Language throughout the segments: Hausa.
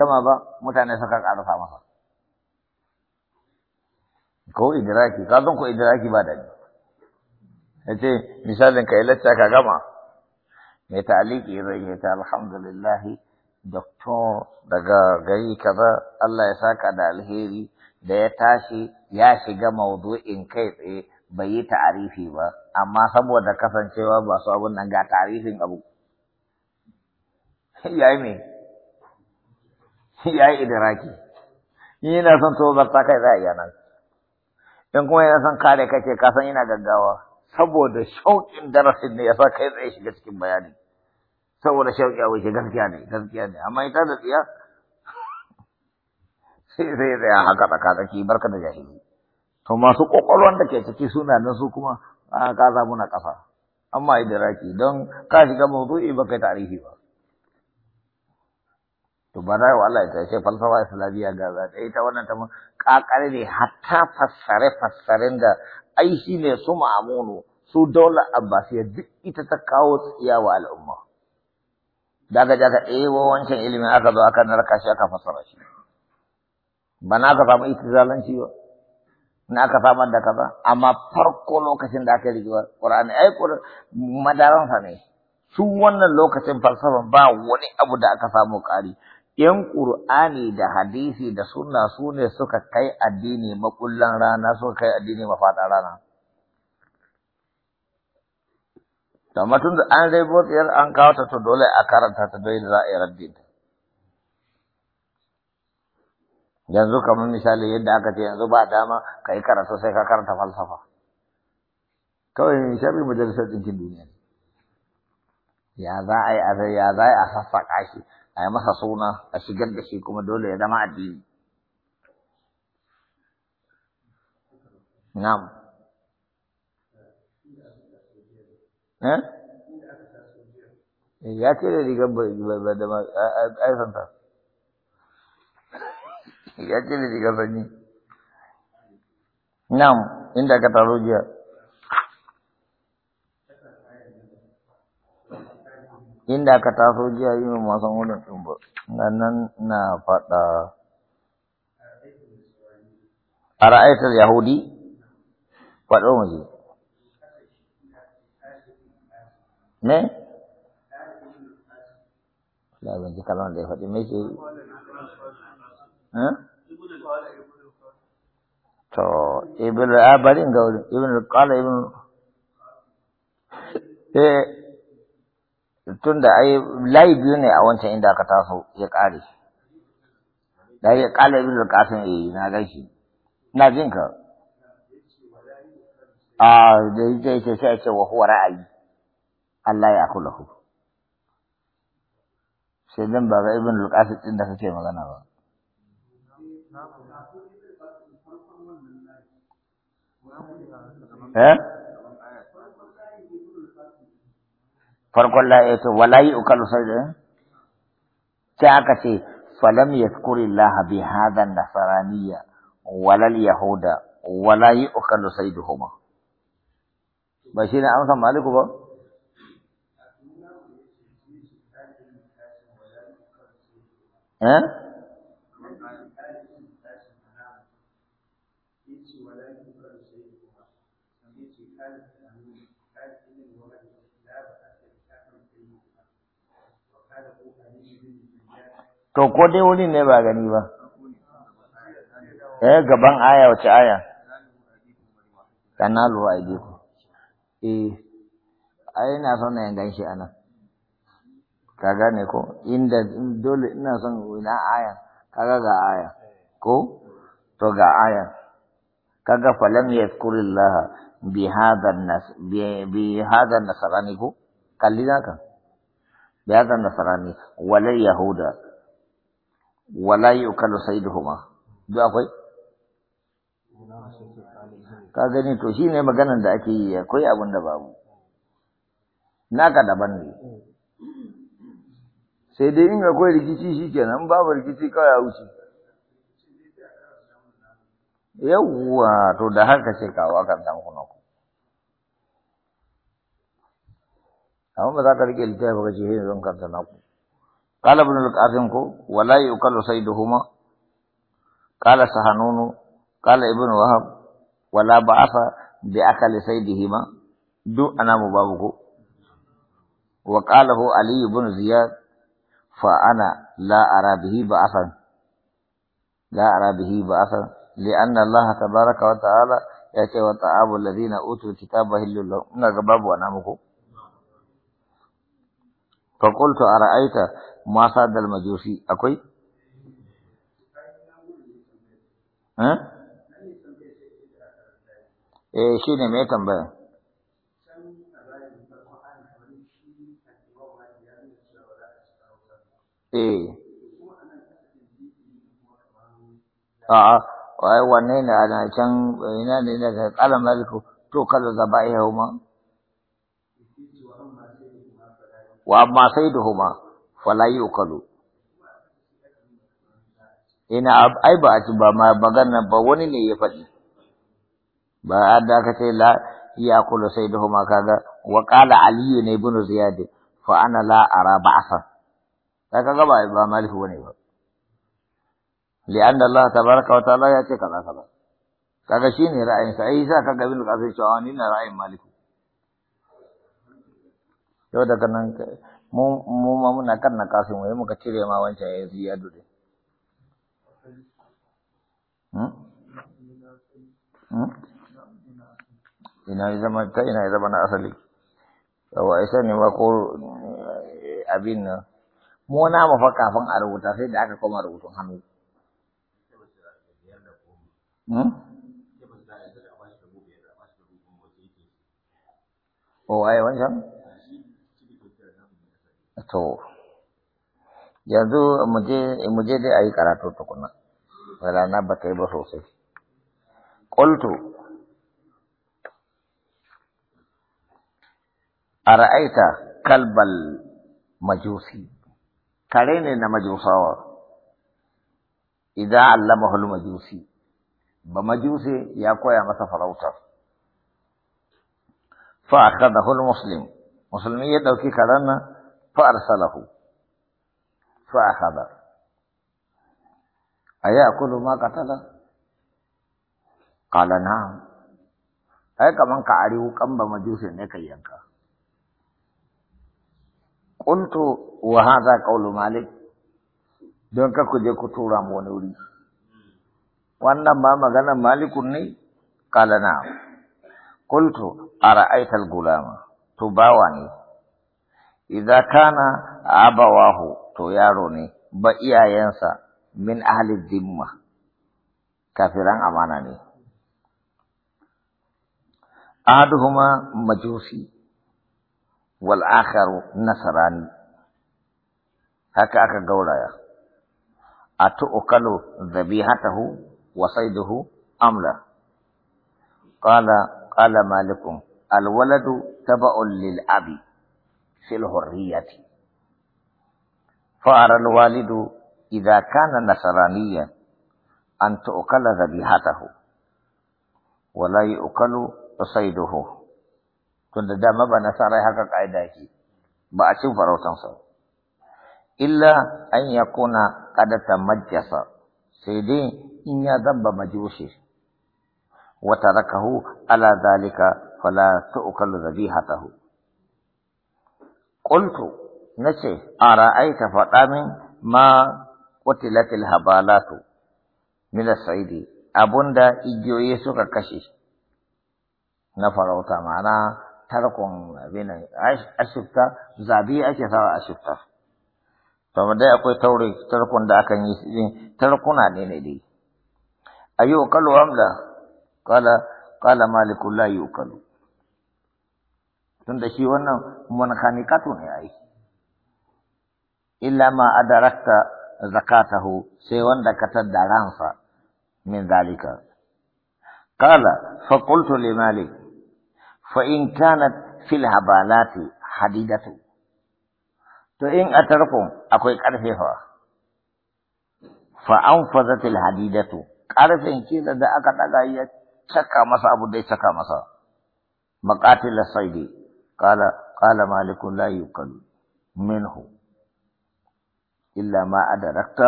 sama ba mutane suka karfa masa ko idraki ka zan ko idraki ba da ya ce misalin ka lacca ka gama mai ta'aliki ya ta alhamdulillahi doktor daga gari kaza Allah ya saka da alheri da ya tashi ya shiga maudu'in kai tsaye bai yi ta'arifi ba amma saboda kasancewa ba su abun nan ga ta'arifin abu yayi me ya yi idiraki in yana son ta kai za a iya nan in kuma yana son kare kake ka san ina gaggawa saboda shauƙin darasin ne ya sa kai zai shiga cikin bayani saboda shauƙi abu shi gaskiya ne gaskiya ne amma ita da tsiya sai zai tsaya haka tsakatsaki barka da jahili to masu ƙwaƙwalwan da ke ciki suna nan su kuma a ah, ka muna ƙasa amma idiraki don ka shiga mawdu'i ba kai tarihi ba to ba za wa Allah ya ce falsafa islamiyya ga za ta ita wannan ta kakare ne hatta fassare fassaren da ai shi ne su ma'amunu su daular abbasiyya duk ita ta kawo tsiya wa al'umma daga daga wa wancan ilimin aka zo aka narka shi aka fassara shi ba na ka samu itizalanci ba na aka samar da kaza amma farko lokacin da aka rigi Qur'ani ai madaran ne su wannan lokacin falsafa ba wani abu da aka samu ƙari ‘yan Ƙur'ani da hadisi da sunna su ne suka kai addini makullan rana suka kai addini mafaɗa rana. Amma matun da an rai botiyar an kawo ta to dole a karanta ta dole za a yi raddin Yanzu kamar misali yadda aka ce yanzu ba dama ka yi karatu sai ka karanta falsafa. Kawai sharri majalisar ɗinkin duniya Ya za a yi a ya za a sassaƙa shi. a yi masa suna a shigar da shi kuma dole ya zama addini na'am eh ya ce da rigar ba da aifanta ya ce da rigar sanyi na'am inda ka taro jiya inda ka taso jiya yi min wasan wurin ɗin ba nan na faɗa a ra'aitar yahudi faɗo mu je me la ban ji kalmar da ya faɗi me ke hm? to ibn abarin ga ibn qala ibn eh tun da ai layi biyu ne a wancan inda aka taso ya ƙare da ya ƙala ibn al-qasim eh na gashi na jin ka a da yake ce sai ce wa huwa ra'ayi Allah ya ku sai dan ba ga ibn al-qasim din da kake magana ba eh farkon laye eh, to wala yi ukalu sai sai aka ce falam yaskuri Allah bi hada nasaraniya wala yahuda wala yi ukalu sai da ba shi ne amsa maliku ba eh To, ko dai wurin ne ba gani ba. Eh, gaban aya wace aya? lura a ku. Eh, ai ina son na gan shi anan. Ka gane ko? Inda dole ina son ina aya, kaga ga aya. Ko? To ga aya. Kaga falam yaskurillah bi hadan nas bi hadha nasrani ko? Kalli ka? Bi hadan nasrani wala yahuda wala yukalu huma, duk akwai ka gani to shi ne maganan da ake yi akwai abin da babu naka daban ne sai dai in akwai rikici shi kenan babu rikici kawai a wuce yawwa to da haka ce kawo akan samu kuna ku amma ba za ka rike littafi ka ce zan kanta naku? قال ابن القاسم ولا يقل سيدهما قال سحنون قال ابن وهب ولا بعث بأكل سيدهما دو أنا مبابكو وقاله علي بن زياد فأنا لا أرى به بعثا لا أرى به بعثا لأن الله تبارك وتعالى يأتي وتعاب الذين أوتوا الكتاب هل لهم نقباب نعم، مكو فقلت a ما صاد المجوسي أكوي ها eh, eh shine mai tambaya eh a'a wanne ne can ina ne daga kalan maliku to kaza zabaihu ma wa amma sai da saiduhuma fala yuqalu ina ai ba a ci ba ma magana ba wani ne ya faɗi ba a da ka ce la ya kula sai da huma kaga wa qala ali ne ibn ziyad fa ana la ara ba'sa kaga ba ba maliku wani ba li'anna allah tabaraka wa ta'ala ya ce kaza kaza kaga shine ra'ayin sa ai sa kaga ibn qasim cewa ni na ra'ayin maliku yau daga nan mu ma muna kan na kasin waye muka cire ma wancan hmm? Hmm? ya yi ya dure ina yi zama ta ina ya zama na asali yawa isa ne ma ko eh, abin nan mu na mu fa kafin a rubuta sai da aka koma rubutun hannu hmm? O oh, ai wancan? to yanzu muje muje dai a yi karatu tukuna na ba ta yi ba sosai qultu a kalbal majusi kare ne na majusawa idan allama majusi ba majusi ya koya masa farauta fa akhadahu muslim musulmi ya dauki karanna فأرسله فأخذ أيأكل ما قتل قال نعم أي كمان كعري وكم بمجوس نكا ينكا قلت وهذا قول مالك don ka je ku tura mu wani wuri wannan ba maganar malikun ne kala na qultu ara'aita al-gulama to bawa ne إذا كان أبواه تياروني ينسى من أهل الذمة كافرا أماناني أحدهما مجوسي والآخر نصراني هكا أكا قولايا أتؤكل ذبيحته وصيده أم لا قال قال مالكم الولد تبع للأبي Silhor Riyati, farar waƙar ido a ƙananan sara'niyya an tuƙa laɗabi ha taho. Walayi uƙaru sosai doho. dama ba na haka ka aida Ba a cin farautan sa. Ila an ya ƙona adata majjasa, sai dai in ya zamba ma ji wuce. Wata raka ho ala zalika fa la tu'a Qultu nace ara'aita faɗa min ma qutilatil habalatu min as-saidi abunda igiyoyi suka kashe na farauta ma'ana tarkon abin ashifta zabi ake sawa ashifta to dai akwai taure tarkon da akan yi tarkuna ne ne dai ayu qalu amla qala qala maliku la yuqalu tunda shi wannan munhanikatu ne ai illa ma adarakta zakatahu sai wanda ka tadda ransa min zalika qala fa qultu li malik fa in kanat fil habalati hadidatu to in atarku akwai karfe fa fa anfazat al hadidatu karfen kila da aka daga ya saka masa abu dai ya masa maqatil saidi قال قال مالك لا يقل منه إلا ما أدركت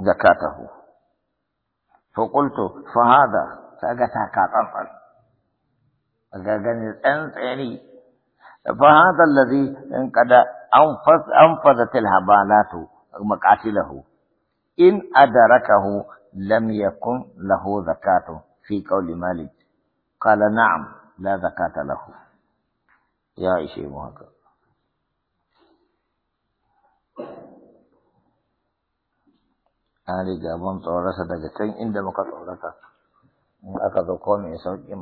زكاته فقلت فهذا سأجتها كاطفل أجاجني يعني فهذا الذي انقد أنفذ أنفذت الهبالات مقاتله إن أدركه لم يكن له زكاة في قول مالك قال نعم لا زكاة له ya ishe mu haka an riga mun tsorata daga can inda muka tsorata in aka zo ko mai sauƙin